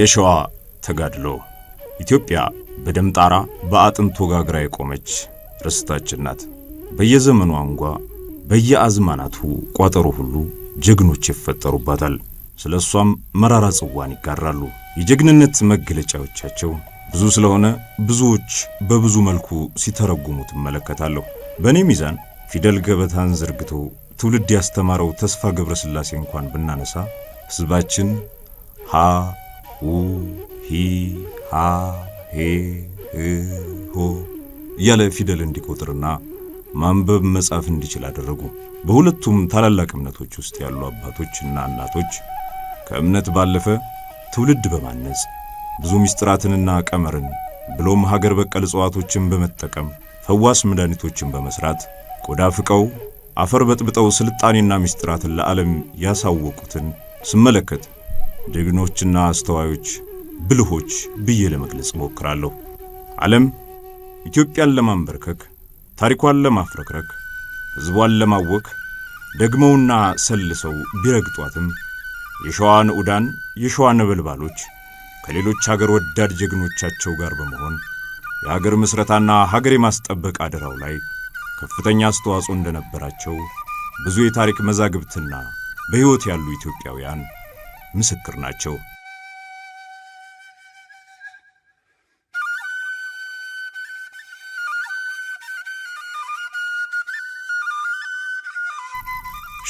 የሸዋ ተጋድሎ ኢትዮጵያ በደም ጣራ በአጥንት ወጋግራ የቆመች ርስታችን ናት። በየዘመኑ አንጓ በየአዝማናቱ ቋጠሮ ሁሉ ጀግኖች ይፈጠሩባታል። ስለ እሷም መራራ ጽዋን ይጋራሉ። የጀግንነት መገለጫዎቻቸው ብዙ ስለሆነ ብዙዎች በብዙ መልኩ ሲተረጉሙ ትመለከታለሁ። በእኔ ሚዛን ፊደል ገበታን ዘርግቶ ትውልድ ያስተማረው ተስፋ ገብረ ስላሴ እንኳን ብናነሳ ሕዝባችን ሃ! ሁ ሂ ሃ ሄ ህ ሆ እያለ ፊደል እንዲቆጥርና ማንበብ መጻፍ እንዲችል አደረጉ። በሁለቱም ታላላቅ እምነቶች ውስጥ ያሉ አባቶችና እናቶች ከእምነት ባለፈ ትውልድ በማነጽ ብዙ ምስጢራትንና ቀመርን ብሎም ሀገር በቀል እጽዋቶችን በመጠቀም ፈዋስ መድኃኒቶችን በመስራት ቆዳ ፍቀው አፈር በጥብጠው ስልጣኔና ምስጢራትን ለዓለም ያሳወቁትን ስመለከት ጀግኖችና አስተዋዮች፣ ብልሆች ብዬ ለመግለጽ እሞክራለሁ። ዓለም ኢትዮጵያን ለማንበርከክ፣ ታሪኳን ለማፍረክረክ፣ ሕዝቧን ለማወክ ደግመውና ሰልሰው ቢረግጧትም የሸዋ ንዑዳን የሸዋ ነበልባሎች ከሌሎች ሀገር ወዳድ ጀግኖቻቸው ጋር በመሆን የሀገር ምስረታና ሀገር የማስጠበቅ አደራው ላይ ከፍተኛ አስተዋጽኦ እንደነበራቸው ብዙ የታሪክ መዛግብትና በሕይወት ያሉ ኢትዮጵያውያን ምስክር ናቸው።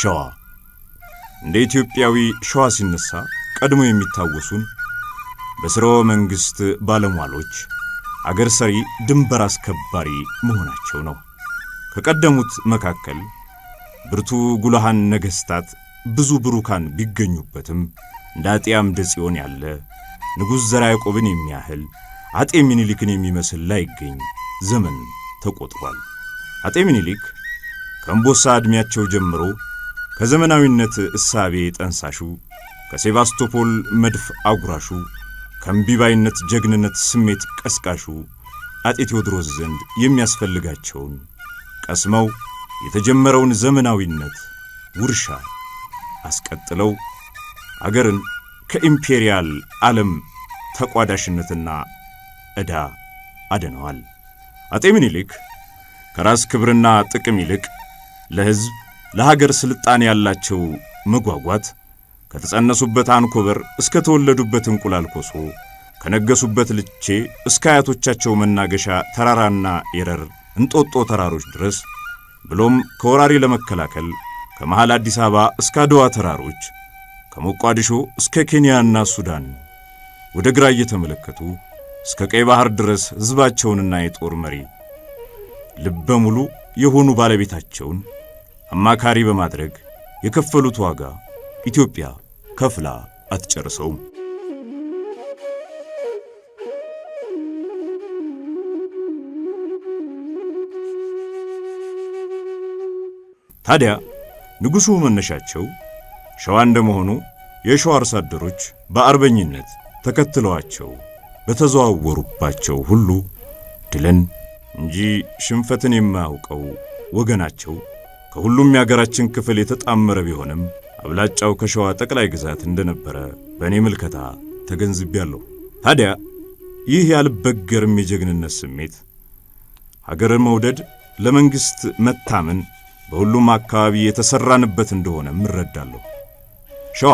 ሸዋ እንደ ኢትዮጵያዊ ሸዋ ሲነሳ ቀድሞ የሚታወሱን በሥርወ መንግሥት ባለሟሎች አገር ሰሪ፣ ድንበር አስከባሪ መሆናቸው ነው። ከቀደሙት መካከል ብርቱ ጉልሃን ነገሥታት ብዙ ብሩካን ቢገኙበትም እንደ አጤ አምደ ጽዮን ያለ ንጉሥ ዘራ ያዕቆብን የሚያህል አጤ ሚኒሊክን የሚመስል ላይገኝ ዘመን ተቆጥሯል። አጤ ሚኒሊክ ከእምቦሳ ዕድሜያቸው ጀምሮ ከዘመናዊነት እሳቤ ጠንሳሹ፣ ከሴባስቶፖል መድፍ አጉራሹ፣ ከእምቢባይነት ጀግንነት ስሜት ቀስቃሹ አጤ ቴዎድሮስ ዘንድ የሚያስፈልጋቸውን ቀስመው የተጀመረውን ዘመናዊነት ውርሻ አስቀጥለው አገርን ከኢምፔሪያል ዓለም ተቋዳሽነትና ዕዳ አድነዋል። አጤ ምኒልክ ከራስ ክብርና ጥቅም ይልቅ ለሕዝብ ለሀገር ስልጣን ያላቸው መጓጓት ከተጸነሱበት አንኮበር እስከ ተወለዱበት እንቁላል ኮሶ ከነገሱበት ልቼ እስከ አያቶቻቸው መናገሻ ተራራና የረር እንጦጦ ተራሮች ድረስ ብሎም ከወራሪ ለመከላከል ከመሃል አዲስ አበባ እስከ አድዋ ተራሮች ከሞቃዲሾ እስከ ኬንያና ሱዳን ወደ ግራ እየተመለከቱ እስከ ቀይ ባህር ድረስ ሕዝባቸውንና የጦር መሪ ልበ ሙሉ የሆኑ ባለቤታቸውን አማካሪ በማድረግ የከፈሉት ዋጋ ኢትዮጵያ ከፍላ አትጨርሰውም። ታዲያ ንጉሡ መነሻቸው ሸዋ እንደመሆኑ የሸዋ አርሶ አደሮች በአርበኝነት ተከትለዋቸው በተዘዋወሩባቸው ሁሉ ድልን እንጂ ሽንፈትን የማያውቀው ወገናቸው ከሁሉም የአገራችን ክፍል የተጣመረ ቢሆንም አብላጫው ከሸዋ ጠቅላይ ግዛት እንደነበረ በእኔ ምልከታ ተገንዝቤያለሁ። ታዲያ ይህ ያልበገርም የጀግንነት ስሜት ሀገርን መውደድ፣ ለመንግሥት መታመን በሁሉም አካባቢ የተሰራንበት እንደሆነ እረዳለሁ። ሸዋ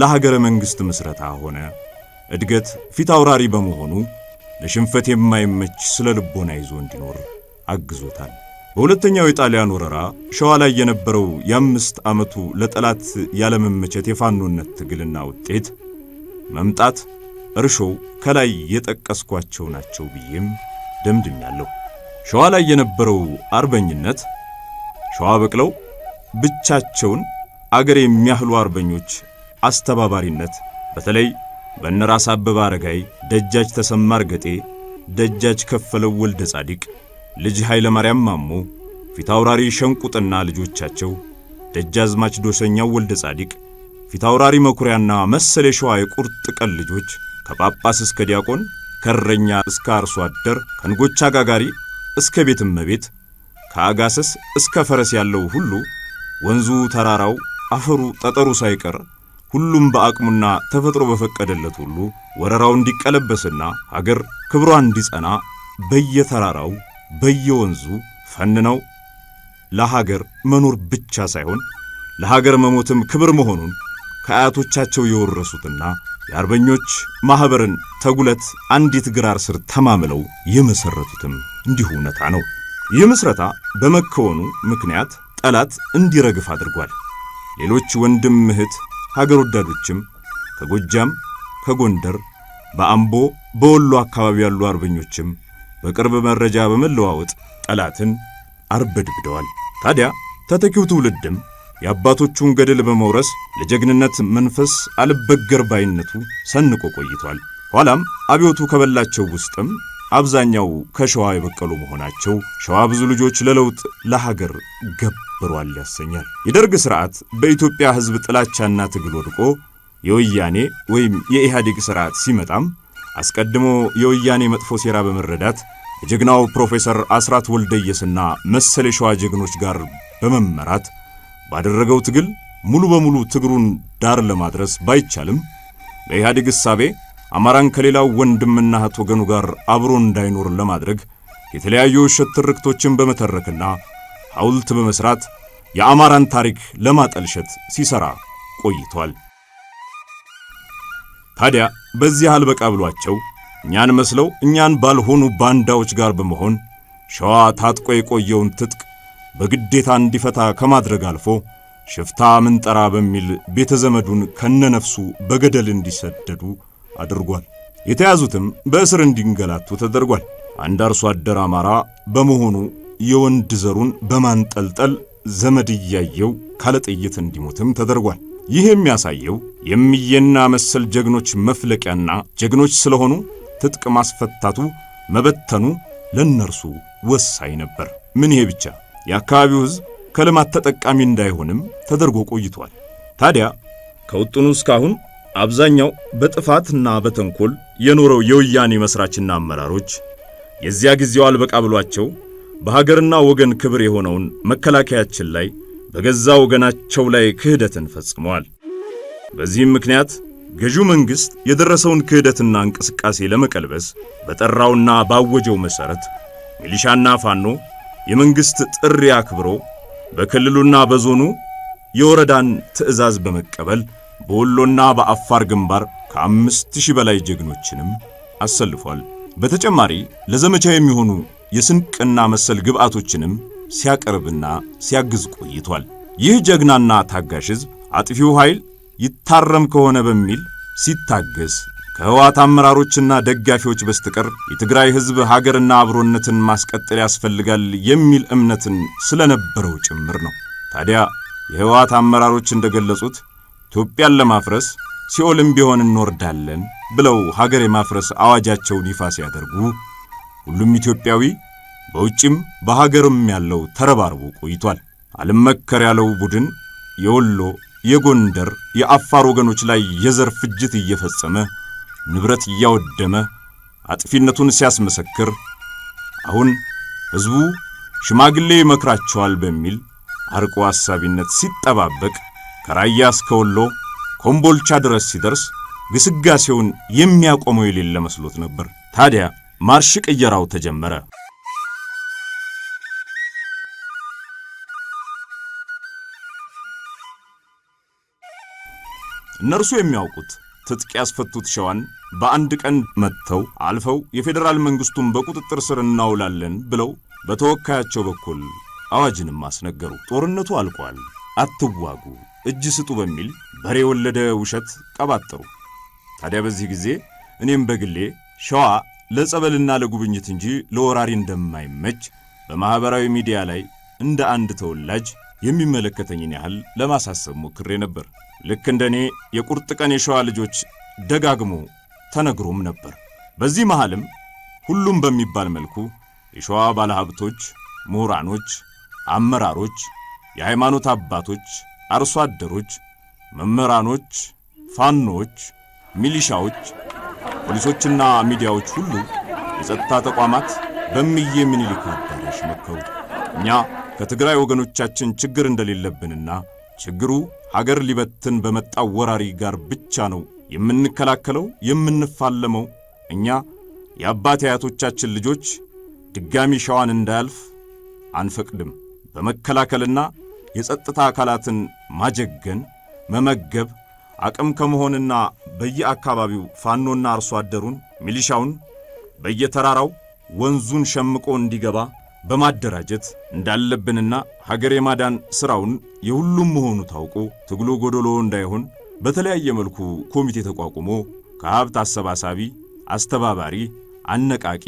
ለሀገረ መንግሥት ምስረታ ሆነ እድገት ፊት አውራሪ በመሆኑ ለሽንፈት የማይመች ስለ ልቦና ይዞ እንዲኖር አግዞታል። በሁለተኛው የጣሊያን ወረራ ሸዋ ላይ የነበረው የአምስት ዓመቱ ለጠላት ያለመመቸት የፋኖነት ትግልና ውጤት መምጣት እርሾ ከላይ የጠቀስኳቸው ናቸው ብዬም ደምድሜያለሁ። ሸዋ ላይ የነበረው አርበኝነት ሸዋ በቅለው ብቻቸውን አገር የሚያህሉ አርበኞች አስተባባሪነት በተለይ በነራስ አበበ አረጋይ፣ ደጃች ተሰማ እርገጤ፣ ደጃች ከፈለው ወልደ ጻዲቅ፣ ልጅ ኃይለ ማርያም ማሞ፣ ፊታውራሪ ሸንቁጥና ልጆቻቸው ደጃዝማች ዶሰኛው ወልደ ጻዲቅ፣ ፊታውራሪ መኩሪያና መሰል የሸዋ የቁርጥ ቀን ልጆች ከጳጳስ እስከ ዲያቆን ከረኛ እስከ አርሶ አደር ከንጎቻ ጋጋሪ እስከ ቤት እመቤት ከአጋሰስ እስከ ፈረስ ያለው ሁሉ ወንዙ፣ ተራራው፣ አፈሩ፣ ጠጠሩ ሳይቀር ሁሉም በአቅሙና ተፈጥሮ በፈቀደለት ሁሉ ወረራው እንዲቀለበስና ሀገር ክብሯ እንዲጸና በየተራራው በየወንዙ ፈንነው ለሀገር መኖር ብቻ ሳይሆን ለሀገር መሞትም ክብር መሆኑን ከአያቶቻቸው የወረሱትና የአርበኞች ማኅበርን ተጉለት አንዲት ግራር ስር ተማምለው የመሠረቱትም እንዲሁ እውነታ ነው። ይህ ምስረታ በመከወኑ ምክንያት ጠላት እንዲረግፍ አድርጓል። ሌሎች ወንድም እህት ሀገር ወዳዶችም ከጎጃም፣ ከጎንደር፣ በአምቦ፣ በወሎ አካባቢ ያሉ አርበኞችም በቅርብ መረጃ በመለዋወጥ ጠላትን አርበድብደዋል። ታዲያ ተተኪው ትውልድም የአባቶቹን ገድል በመውረስ ለጀግንነት መንፈስ አልበገር ባይነቱ ሰንቆ ቆይቷል። ኋላም አብዮቱ ከበላቸው ውስጥም አብዛኛው ከሸዋ የበቀሉ መሆናቸው ሸዋ ብዙ ልጆች ለለውጥ ለሀገር ገብሯል ያሰኛል። የደርግ ስርዓት በኢትዮጵያ ሕዝብ ጥላቻና ትግል ወድቆ የወያኔ ወይም የኢህአዴግ ስርዓት ሲመጣም አስቀድሞ የወያኔ መጥፎ ሴራ በመረዳት የጀግናው ፕሮፌሰር አስራት ወልደየስና መሰል የሸዋ ጀግኖች ጋር በመመራት ባደረገው ትግል ሙሉ በሙሉ ትግሩን ዳር ለማድረስ ባይቻልም በኢህአዴግ እሳቤ አማራን ከሌላው ወንድምና እህት ወገኑ ጋር አብሮ እንዳይኖር ለማድረግ የተለያዩ ውሸት ትርክቶችን በመተረክና ሐውልት በመስራት የአማራን ታሪክ ለማጠልሸት ሲሰራ ቆይቷል። ታዲያ በዚህ አልበቃ ብሏቸው እኛን መስለው እኛን ባልሆኑ ባንዳዎች ጋር በመሆን ሸዋ ታጥቆ የቆየውን ትጥቅ በግዴታ እንዲፈታ ከማድረግ አልፎ ሽፍታ ምንጠራ በሚል ቤተ ዘመዱን ከነነፍሱ በገደል እንዲሰደዱ አድርጓል። የተያዙትም በእስር እንዲንገላቱ ተደርጓል። አንድ አርሶ አደር አማራ በመሆኑ የወንድ ዘሩን በማንጠልጠል ዘመድ እያየው ካለጥይት እንዲሞትም ተደርጓል። ይህ የሚያሳየው የሚየና መሰል ጀግኖች መፍለቂያና ጀግኖች ስለሆኑ ትጥቅ ማስፈታቱ መበተኑ ለእነርሱ ወሳኝ ነበር። ምን ይሄ ብቻ፣ የአካባቢው ሕዝብ ከልማት ተጠቃሚ እንዳይሆንም ተደርጎ ቆይቷል። ታዲያ ከውጥኑ እስካሁን አብዛኛው በጥፋትና በተንኮል የኖረው የወያኔ መስራችና አመራሮች የዚያ ጊዜው አልበቃ ብሏቸው በሀገርና ወገን ክብር የሆነውን መከላከያችን ላይ በገዛ ወገናቸው ላይ ክህደትን ፈጽመዋል። በዚህም ምክንያት ገዢው መንግሥት የደረሰውን ክህደትና እንቅስቃሴ ለመቀልበስ በጠራውና ባወጀው መሠረት ሚሊሻና ፋኖ የመንግሥት ጥሪ አክብሮ በክልሉና በዞኑ የወረዳን ትዕዛዝ በመቀበል በወሎና በአፋር ግንባር ከአምስት ሺህ በላይ ጀግኖችንም አሰልፏል። በተጨማሪ ለዘመቻ የሚሆኑ የስንቅና መሰል ግብዓቶችንም ሲያቀርብና ሲያግዝ ቆይቷል። ይህ ጀግናና ታጋሽ ሕዝብ አጥፊው ኃይል ይታረም ከሆነ በሚል ሲታገስ ከህወሓት አመራሮችና ደጋፊዎች በስተቀር የትግራይ ሕዝብ ሀገርና አብሮነትን ማስቀጠል ያስፈልጋል የሚል እምነትን ስለነበረው ጭምር ነው። ታዲያ የህወሓት አመራሮች እንደገለጹት ኢትዮጵያን ለማፍረስ ሲኦልም ቢሆን እንወርዳለን ብለው ሀገር የማፍረስ አዋጃቸውን ይፋ ሲያደርጉ ሁሉም ኢትዮጵያዊ በውጭም በሀገርም ያለው ተረባርቦ ቆይቷል። አልመከር ያለው ቡድን የወሎ፣ የጎንደር፣ የአፋር ወገኖች ላይ የዘር ፍጅት እየፈጸመ ንብረት እያወደመ አጥፊነቱን ሲያስመሰክር አሁን ሕዝቡ ሽማግሌ ይመክራቸዋል በሚል አርቆ አሳቢነት ሲጠባበቅ ከራያ እስከ ወሎ ኮምቦልቻ ድረስ ሲደርስ ግስጋሴውን የሚያቆመው የሌለ መስሎት ነበር። ታዲያ ማርሽ ቅየራው ተጀመረ። እነርሱ የሚያውቁት ትጥቅ ያስፈቱት ሸዋን በአንድ ቀን መጥተው አልፈው የፌዴራል መንግስቱን በቁጥጥር ስር እናውላለን ብለው በተወካያቸው በኩል አዋጅንም አስነገሩ። ጦርነቱ አልቋል። አትዋጉ፣ እጅ ስጡ በሚል በሬ የወለደ ውሸት ቀባጠሩ። ታዲያ በዚህ ጊዜ እኔም በግሌ ሸዋ ለጸበልና ለጉብኝት እንጂ ለወራሪ እንደማይመች በማኅበራዊ ሚዲያ ላይ እንደ አንድ ተወላጅ የሚመለከተኝን ያህል ለማሳሰብ ሞክሬ ነበር። ልክ እንደ እኔ የቁርጥ ቀን የሸዋ ልጆች ደጋግሞ ተነግሮም ነበር። በዚህ መሃልም ሁሉም በሚባል መልኩ የሸዋ ባለሀብቶች፣ ምሁራኖች፣ አመራሮች የሃይማኖት አባቶች፣ አርሶ አደሮች፣ መምህራኖች፣ ፣ፋኖች፣ ሚሊሻዎች፣ ፖሊሶችና ሚዲያዎች ሁሉ የጸጥታ ተቋማት በእምዬ ምኒልክ አዳራሽ መከሩ። እኛ ከትግራይ ወገኖቻችን ችግር እንደሌለብንና ችግሩ ሀገር ሊበትን በመጣው ወራሪ ጋር ብቻ ነው የምንከላከለው የምንፋለመው። እኛ የአባት አያቶቻችን ልጆች ድጋሚ ሸዋን እንዳያልፍ አንፈቅድም። በመከላከልና የጸጥታ አካላትን ማጀገን፣ መመገብ አቅም ከመሆንና በየአካባቢው ፋኖና አርሶ አደሩን ሚሊሻውን በየተራራው ወንዙን ሸምቆ እንዲገባ በማደራጀት እንዳለብንና ሀገር የማዳን ሥራውን የሁሉም መሆኑ ታውቆ ትግሉ ጎደሎ እንዳይሆን በተለያየ መልኩ ኮሚቴ ተቋቁሞ ከሀብት አሰባሳቢ፣ አስተባባሪ፣ አነቃቂ፣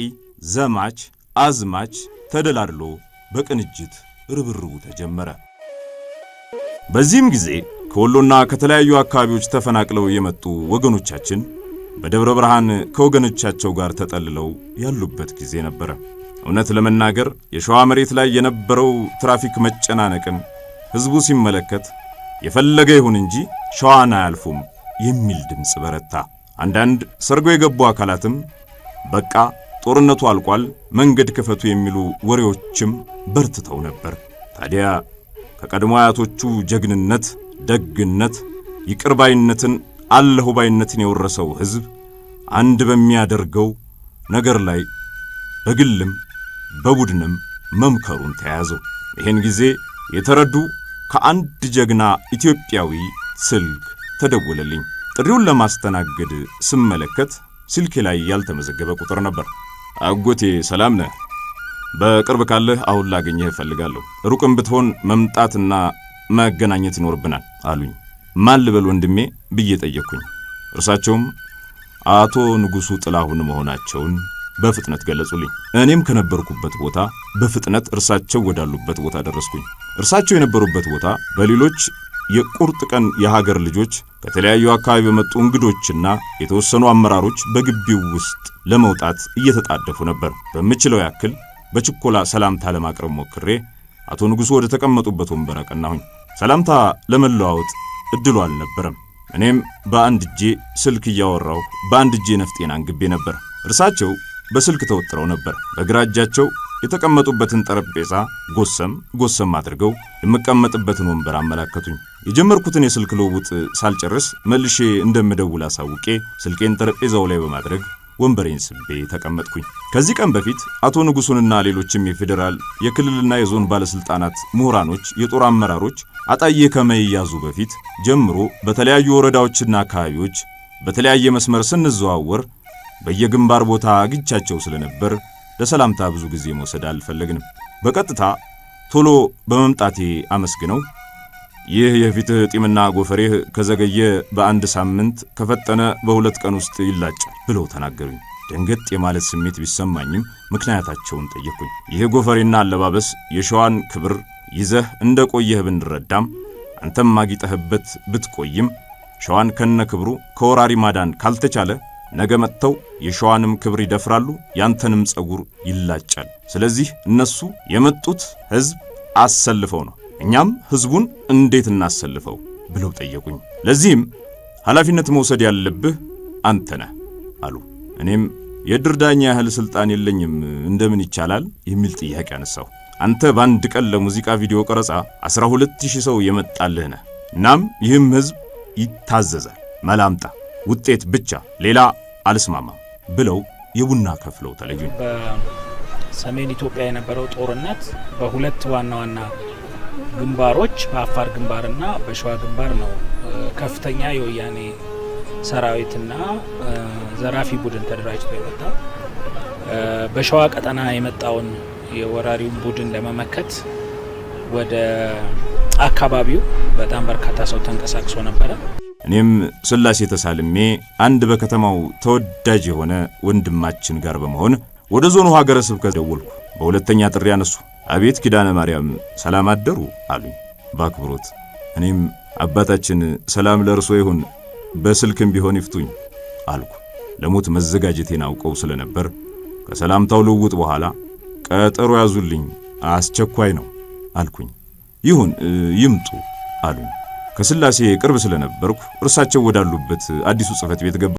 ዘማች፣ አዝማች ተደላድሎ በቅንጅት ርብርቡ ተጀመረ። በዚህም ጊዜ ከወሎና ከተለያዩ አካባቢዎች ተፈናቅለው የመጡ ወገኖቻችን በደብረ ብርሃን ከወገኖቻቸው ጋር ተጠልለው ያሉበት ጊዜ ነበረ። እውነት ለመናገር የሸዋ መሬት ላይ የነበረው ትራፊክ መጨናነቅን ሕዝቡ ሲመለከት የፈለገ ይሁን እንጂ ሸዋን አያልፉም የሚል ድምፅ በረታ። አንዳንድ ሰርጎ የገቡ አካላትም በቃ ጦርነቱ አልቋል፣ መንገድ ክፈቱ የሚሉ ወሬዎችም በርትተው ነበር። ታዲያ ከቀድሞ አያቶቹ ጀግንነት፣ ደግነት፣ ይቅርባይነትን፣ አለሁባይነትን የወረሰው ሕዝብ አንድ በሚያደርገው ነገር ላይ በግልም በቡድንም መምከሩን ተያዘው። ይህን ጊዜ የተረዱ ከአንድ ጀግና ኢትዮጵያዊ ስልክ ተደወለልኝ። ጥሪውን ለማስተናገድ ስመለከት ስልኬ ላይ ያልተመዘገበ ቁጥር ነበር። አጎቴ ሰላም ነህ? በቅርብ ካለህ አሁን ላገኘህ እፈልጋለሁ። ሩቅም ብትሆን መምጣትና መገናኘት ይኖርብናል አሉኝ። ማን ልበል ወንድሜ ብዬ ጠየቅኩኝ። እርሳቸውም አቶ ንጉሡ ጥላሁን መሆናቸውን በፍጥነት ገለጹልኝ። እኔም ከነበርኩበት ቦታ በፍጥነት እርሳቸው ወዳሉበት ቦታ ደረስኩኝ። እርሳቸው የነበሩበት ቦታ በሌሎች የቁርጥ ቀን የሀገር ልጆች ከተለያዩ አካባቢ በመጡ እንግዶችና የተወሰኑ አመራሮች በግቢው ውስጥ ለመውጣት እየተጣደፉ ነበር። በምችለው ያክል በችኮላ ሰላምታ ለማቅረብ ሞክሬ አቶ ንጉሡ ወደ ተቀመጡበት ወንበር አቀናሁኝ። ሰላምታ ለመለዋወጥ እድሉ አልነበረም። እኔም በአንድ እጄ ስልክ እያወራሁ በአንድ እጄ ነፍጤን አንግቤ ነበር። እርሳቸው በስልክ ተወጥረው ነበር። በግራ እጃቸው የተቀመጡበትን ጠረጴዛ ጎሰም ጎሰም አድርገው የምቀመጥበትን ወንበር አመላከቱኝ። የጀመርኩትን የስልክ ልውውጥ ሳልጨርስ መልሼ እንደምደውል አሳውቄ ስልኬን ጠረጴዛው ላይ በማድረግ ወንበሬን ስቤ ተቀመጥኩኝ። ከዚህ ቀን በፊት አቶ ንጉሱንና ሌሎችም የፌዴራል የክልልና የዞን ባለስልጣናት፣ ምሁራኖች፣ የጦር አመራሮች አጣዬ ከመያዙ በፊት ጀምሮ በተለያዩ ወረዳዎችና አካባቢዎች በተለያየ መስመር ስንዘዋወር በየግንባር ቦታ አግቻቸው ስለነበር ለሰላምታ ብዙ ጊዜ መውሰድ አልፈለግንም። በቀጥታ ቶሎ በመምጣቴ አመስግነው ይህ የፊትህ ጢምና ጎፈሬህ ከዘገየ በአንድ ሳምንት ከፈጠነ በሁለት ቀን ውስጥ ይላጫል ብለው ተናገሩኝ። ደንገጥ የማለት ስሜት ቢሰማኝም ምክንያታቸውን ጠየቅኩኝ። ይህ ጎፈሬና አለባበስ የሸዋን ክብር ይዘህ እንደ ቆየህ ብንረዳም አንተም ማጊጠህበት ብትቆይም ሸዋን ከነ ክብሩ ከወራሪ ማዳን ካልተቻለ ነገ መጥተው የሸዋንም ክብር ይደፍራሉ፣ ያንተንም ጸጉር ይላጫል። ስለዚህ እነሱ የመጡት ሕዝብ አሰልፈው ነው እኛም ህዝቡን እንዴት እናሰልፈው ብለው ጠየቁኝ። ለዚህም ኃላፊነት መውሰድ ያለብህ አንተ ነህ አሉ። እኔም የድር ዳኛ ያህል ስልጣን የለኝም እንደምን ይቻላል የሚል ጥያቄ አነሳሁ። አንተ በአንድ ቀን ለሙዚቃ ቪዲዮ ቀረጻ 12000 ሰው የመጣልህ ነህ። እናም ይህም ህዝብ ይታዘዛል። መላምጣ ውጤት ብቻ ሌላ አልስማማም ብለው የቡና ከፍለው ተለዩኝ። በሰሜን ኢትዮጵያ የነበረው ጦርነት በሁለት ዋና ዋና ግንባሮች በአፋር ግንባርና በሸዋ ግንባር ነው ከፍተኛ የወያኔ ሰራዊትና ዘራፊ ቡድን ተደራጅቶ የመጣ በሸዋ ቀጠና የመጣውን የወራሪውን ቡድን ለመመከት ወደ አካባቢው በጣም በርካታ ሰው ተንቀሳቅሶ ነበረ። እኔም ስላሴ ተሳልሜ አንድ በከተማው ተወዳጅ የሆነ ወንድማችን ጋር በመሆን ወደ ዞኑ ሀገረ ስብከት ደወልኩ። በሁለተኛ ጥሪ አነሱ። አቤት ኪዳነ ማርያም ሰላም አደሩ አሉኝ በአክብሮት። እኔም አባታችን ሰላም ለእርሶ ይሁን፣ በስልክም ቢሆን ይፍቱኝ አልኩ። ለሞት መዘጋጀቴን አውቀው ስለነበር ከሰላምታው ልውውጥ በኋላ ቀጠሮ ያዙልኝ፣ አስቸኳይ ነው አልኩኝ። ይሁን ይምጡ አሉኝ። ከስላሴ ቅርብ ስለነበርኩ እርሳቸው ወዳሉበት አዲሱ ጽህፈት ቤት ገባ።